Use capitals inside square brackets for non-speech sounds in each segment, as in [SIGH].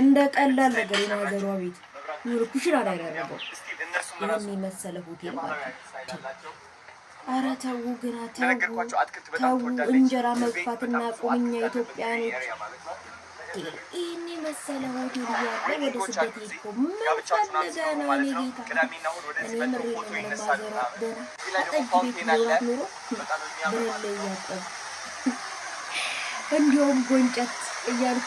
እንደ ቀላል ነገር የማዘሯ ቤት ይሁን ኩሽና ላይ ያደረገው ይህን የመሰለ ሆቴል ማለት ነው። ተው ግራ ተው ተው፣ እንጀራ መግፋት እና ቁምኛ ኢትዮጵያኖች ይህን የመሰለ ሆቴል እያለ ወደ ስደት ሄድኩ። ምን ፈልገህ ነው? እኔ ጌታ እኔ ምሬ ነው ለማዘሯ ደና ጠጅ ቤት ኖራት ኖሮ ብሬ ላይ እንዲሁም ጎንጨት እያልኩ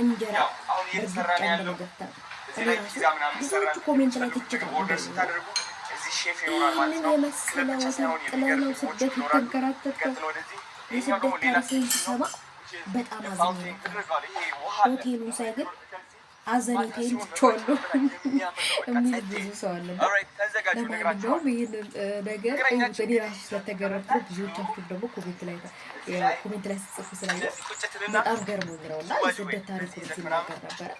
እንጀራ ብዙዎቹ ኮሜንት ላይ ትችት ይህንን የመሰለ ወተት ጥለነው ስደት የተንከራተትከው የስደት ታሪኬን ሲሰማ በጣም አዘን ሆቴሉን ሳይ ግን አዘኔቴን ትቼዋለሁ የሚል ብዙ ሰው አለ። ለማንኛውም ይህንን ነገር እኔ ራሱ ስለተገረምኩ ብዙዎቻችሁ ደግሞ ኮሜንት ላይ ኮሜንት ላይ ስጽፉ ስላየ በጣም ገርሞ ነው እና የስደት ታሪክ ሲናገር ነበረ።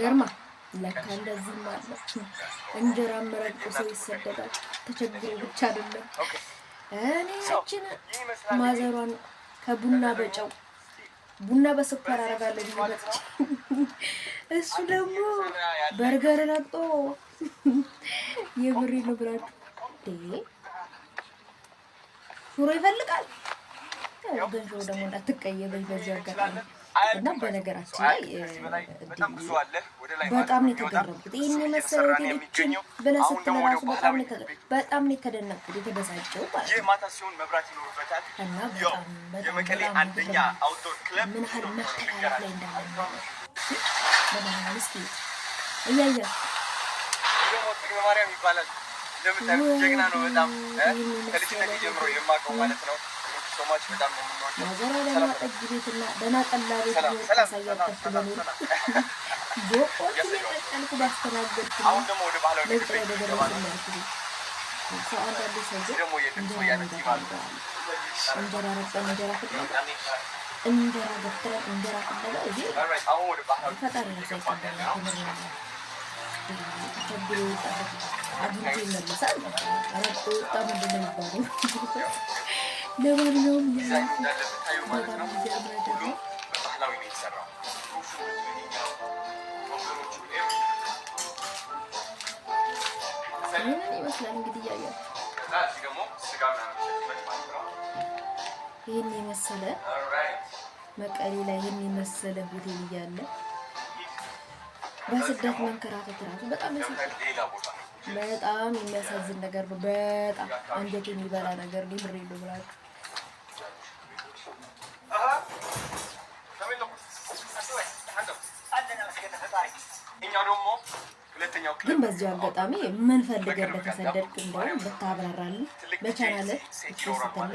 ገርማ ለካ እንደዚህ ማለት እንጀራ መረቁ ሰው ይሰደዳል ተቸግሮ ብቻ አይደለም። እኔ ማዘሯን ከቡና በጨው ቡና በስኳር አረጋለሁ ይመጣ እሱ ደግሞ በርገር ረግጦ የብሬ ነው ብላችሁ ሹሮ ይፈልጋል። ገንዘቡ ደግሞ እንዳትቀየበኝ በዚህ አጋጣሚ እና በነገራችን ላይ በጣም ነው የተገረምኩት። ይህን የመሰለ ሆቴሎችን ብለህ ስትል እራሱ በጣም በጣም ነው የተደነቅኩት፣ የተበሳጨው ማለት ነው። እና በጣም በጣም አንደኛ ምን ላይ እንዳለ ማርያም ይባላል። እንደምታዩት ጀግና ነው በጣም ከልጅነት ጀምሮ የማውቀው ማለት ነው። ሰማች በጣም ነው የምንወደው [LAUGHS] አግኝቶ ይመልሳል። አራት ወጣ ምንድን ነው ለማንኛውም ይህንን ይመስላል እንግዲህ እያያችሁ ይህን የመሰለ መቀሌ ላይ ይህን የመሰለ ሆቴል እያለ በስደት መንከራተት ራሱ በጣም በጣም የሚያሳዝን ነገር ነው። በጣም አንጀት የሚበላ ነገር ነው። ምሬ ነው ብላችሁ ግን በዚሁ አጋጣሚ ምን ፈልገህ እንደተሰደድክ እንደውም ብታብራራልን በቻናለ ስትል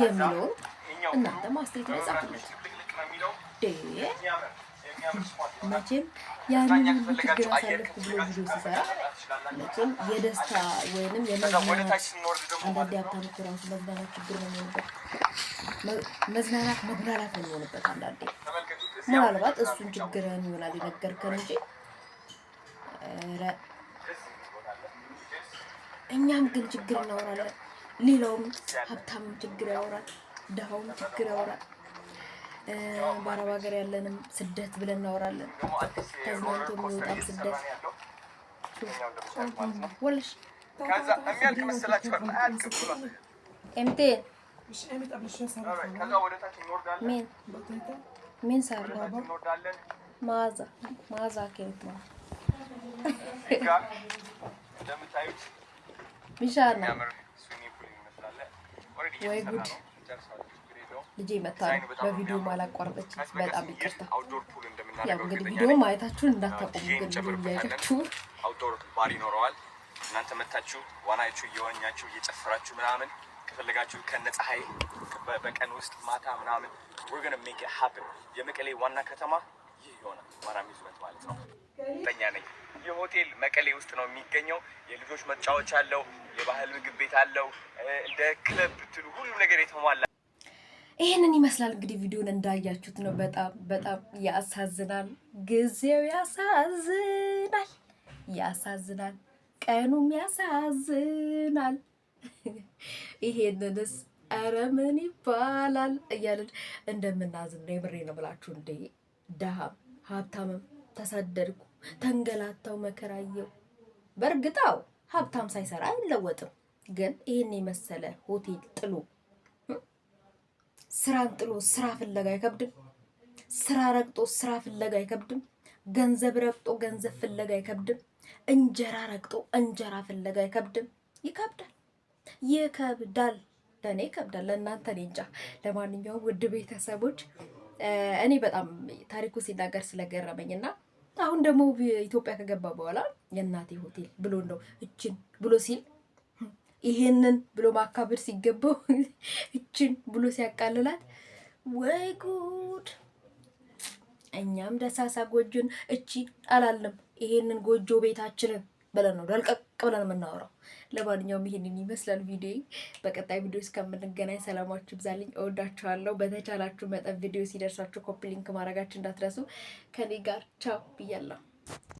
የሚለውን እናንተ ማስተያየት ላይ ጻፉለት። መቼም ያንን ሁሉ ችግር አሳልፍ ብሎ ቪዲዮ ሲሰራ መቼም የደስታ ወይንም የመዝናናት አንዳንድ ሀብታም መዝናናት ችግር ነው የሚሆንበት፣ መዝናናት መጉላላት ነው የሚሆንበት። አንዳንዴ ምናልባት እሱን ችግርን ይሆናል የነገርከን እንጂ እኛም ግን ችግር እናወራለን። ሌላውም ሀብታምም ችግር ያወራል፣ ድሃውም ችግር ያወራል። በአረብ ሀገር ያለንም ስደት ብለን እናወራለን። ተዝናንቶ የሚወጣም ስደት ወልሽ ኤምቴ ምን ማዛ ማዛ ኬት ነው ሚሻ ነው ወይ ጉድ ልጄ መታ ነው በቪዲዮ ማላቋረጠች በጣም ይቅርታ። ያው እንግዲህ ቪዲዮ ማየታችሁን እንዳታቆሙ ግን እያያችሁ አውትዶር ባር ይኖረዋል። እናንተ መታችሁ ዋናችሁ እየዋኛችሁ እየጨፈራችሁ ምናምን ከፈለጋችሁ ከነ ፀሐይ በቀን ውስጥ ማታ ምናምን we're gonna make it happen። የመቀሌ ዋና ከተማ ይህ ይሆናል። ዋና ሚዝመት ማለት ነው። ለኛ ነኝ። ይህ ሆቴል መቀሌ ውስጥ ነው የሚገኘው። የልጆች መጫወቻ አለው፣ የባህል ምግብ ቤት አለው፣ እንደ ክለብ ብትሉ ሁሉም ነገር የተሟላ ይህንን ይመስላል እንግዲህ ቪዲዮን እንዳያችሁት ነው። በጣም በጣም ያሳዝናል። ጊዜው ያሳዝናል፣ ያሳዝናል፣ ቀኑም ያሳዝናል። [LAUGHS] ይሄንንስ ኧረ ምን ይባላል እያለን እንደምናዝን ነው። የምሬ ነው ብላችሁ እንደ ደሃም ሀብታምም ተሰደድኩ፣ ተንገላታው፣ መከራየው። በእርግጣው ሀብታም ሳይሰራ አይለወጥም፣ ግን ይህን የመሰለ ሆቴል ጥሎ ስራን ጥሎ ስራ ፍለጋ አይከብድም? ስራ ረግጦ ስራ ፍለጋ አይከብድም? ገንዘብ ረግጦ ገንዘብ ፍለጋ አይከብድም? እንጀራ ረግጦ እንጀራ ፍለጋ አይከብድም? ይከብዳል፣ ይከብዳል። ለእኔ ይከብዳል፣ ለእናንተ እኔ እንጃ። ለማንኛውም ውድ ቤተሰቦች እኔ በጣም ታሪኩ ሲናገር ስለገረመኝ እና አሁን ደግሞ ኢትዮጵያ ከገባ በኋላ የእናቴ ሆቴል ብሎ እንደው እችን ብሎ ሲል ይሄንን ብሎ ማካበድ ሲገባው [LAUGHS] እችን ብሎ ሲያቃልላት ወይ ጉድ! እኛም ደሳሳ ጎጆን እቺ አላለም ይሄንን ጎጆ ቤታችንን ብለን ነው ደልቀቅ ብለን የምናወራው። ለማንኛውም ይሄንን ይመስላል ቪዲዮ። በቀጣይ ቪዲዮ እስከምንገናኝ ሰላማችሁ ይብዛልኝ። እወዳችኋለሁ። በተቻላችሁ መጠን ቪዲዮ ሲደርሳችሁ ኮፒ ሊንክ ማድረጋችሁ እንዳትረሱ። ከኔ ጋር ቻው ብያለሁ።